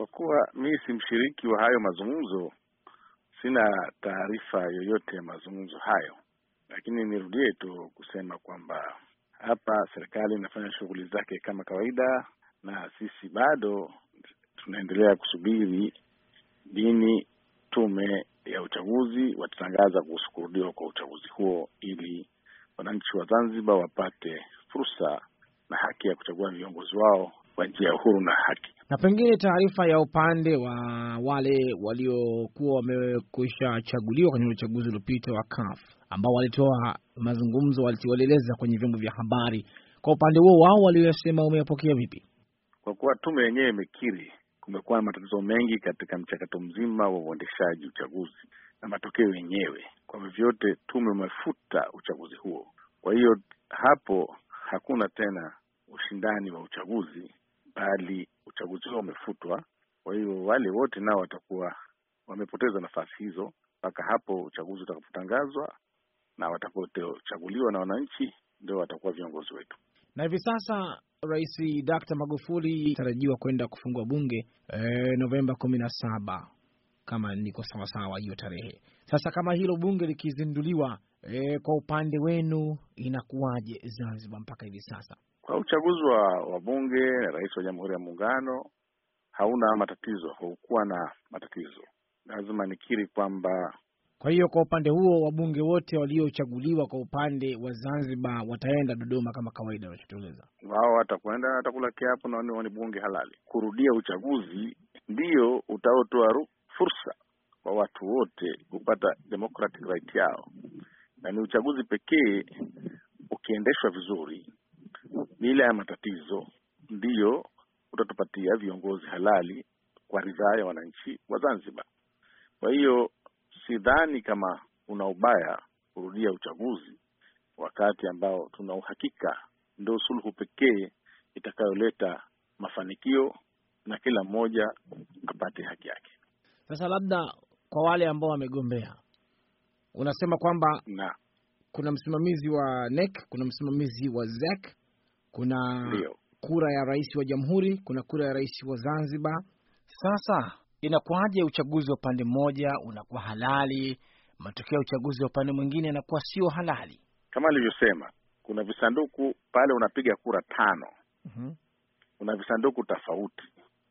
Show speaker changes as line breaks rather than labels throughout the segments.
Kwa kuwa mi si mshiriki wa hayo mazungumzo, sina taarifa yoyote ya mazungumzo hayo, lakini nirudie tu kusema kwamba hapa serikali inafanya shughuli zake kama kawaida, na sisi bado tunaendelea kusubiri dini tume ya uchaguzi watatangaza kuhusu kurudiwa kwa uchaguzi huo, ili wananchi wa Zanzibar wapate fursa na haki ya kuchagua viongozi wao kwa njia ya uhuru na haki.
Na pengine taarifa ya upande wa wale waliokuwa wamekwisha chaguliwa kwenye uchaguzi uliopita wa CAF ambao walitoa mazungumzo, walieleza kwenye vyombo vya habari, kwa upande huo wao walioyasema, umeyapokea vipi?
Kwa kuwa tume yenyewe imekiri kumekuwa na matatizo mengi katika mchakato mzima wa uendeshaji uchaguzi na matokeo yenyewe, kwa vyovyote tume umefuta uchaguzi huo. Kwa hiyo hapo hakuna tena ushindani wa uchaguzi bali uchaguzi huo umefutwa. Kwa hiyo wale wote nao watakuwa wamepoteza nafasi hizo mpaka hapo uchaguzi utakapotangazwa, na watakapochaguliwa na wananchi ndio watakuwa viongozi
wetu. Na hivi sasa Rais Dkt. Magufuli tarajiwa kwenda kufungua bunge e, Novemba kumi na saba kama niko sawasawa hiyo tarehe. Sasa kama hilo bunge likizinduliwa, e, kwa upande wenu inakuwaje Zanzibar mpaka hivi sasa?
Uh, uchaguzi wa wabunge na rais wa Jamhuri ya Muungano hauna matatizo, haukuwa na matatizo, lazima nikiri kwamba.
Kwa hiyo kwa upande huo wabunge wote waliochaguliwa kwa upande wa Zanzibar wataenda Dodoma kama kawaida, wanachotueleza
wao, watakwenda watakula kiapo na ni bunge halali. Kurudia uchaguzi ndio utaotoa fursa kwa watu wote kupata democratic right yao, na ni uchaguzi pekee ukiendeshwa vizuri bila ya matatizo, ndiyo utatupatia viongozi halali kwa ridhaa ya wananchi wa Zanzibar. Kwa hiyo sidhani kama una ubaya kurudia uchaguzi wakati ambao tuna uhakika ndio suluhu pekee itakayoleta mafanikio na kila mmoja apate haki yake.
Sasa labda kwa wale ambao wamegombea, unasema kwamba na kuna msimamizi wa NEC, kuna msimamizi wa ZEC, kuna Leo. kura ya rais wa jamhuri, kuna kura ya rais wa Zanzibar. Sasa inakuwaje? Uchaguzi wa upande mmoja unakuwa halali, matokeo ya uchaguzi wa upande mwingine yanakuwa sio halali.
Kama alivyosema, kuna visanduku pale, unapiga kura tano. mm -hmm. Kuna visanduku tofauti.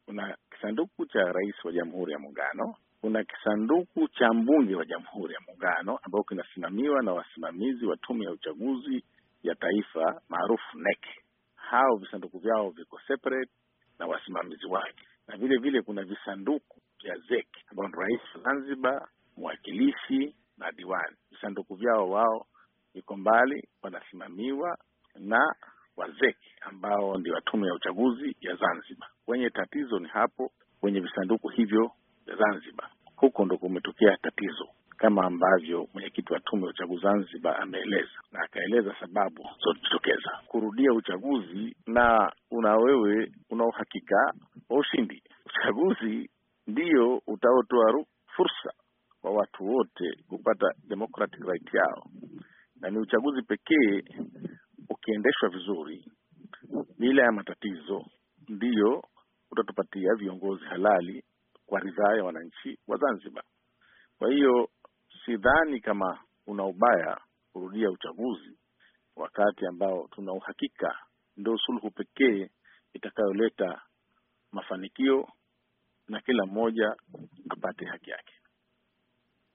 Kuna kisanduku cha rais wa jamhuri ya muungano, kuna kisanduku cha mbunge wa jamhuri ya muungano ambao kinasimamiwa na wasimamizi wa tume ya uchaguzi ya taifa maarufu NEC hao visanduku vyao viko separate na wasimamizi wake, na vile vile kuna visanduku vya ZEC ambao ni rais Zanzibar, mwakilishi na diwani. Visanduku vyao wao viko mbali, wanasimamiwa na wazeki ambao ndio wa tume ya uchaguzi ya Zanzibar. Wenye tatizo ni hapo kwenye visanduku hivyo vya Zanzibar, huko ndo kumetokea tatizo kama ambavyo mwenyekiti wa tume ya uchaguzi Zanzibar ameeleza na akaeleza sababu zilizojitokeza kurudia uchaguzi, na una wewe una uhakika wa ushindi. Uchaguzi ndio utaotoa fursa kwa watu wote kupata democratic right yao, na ni uchaguzi pekee ukiendeshwa vizuri bila ya matatizo ndiyo utatupatia viongozi halali kwa ridhaa ya wananchi wa Zanzibar. Kwa hiyo sidhani kama una ubaya kurudia uchaguzi wakati ambao tuna uhakika ndo suluhu pekee itakayoleta mafanikio na kila mmoja apate haki yake.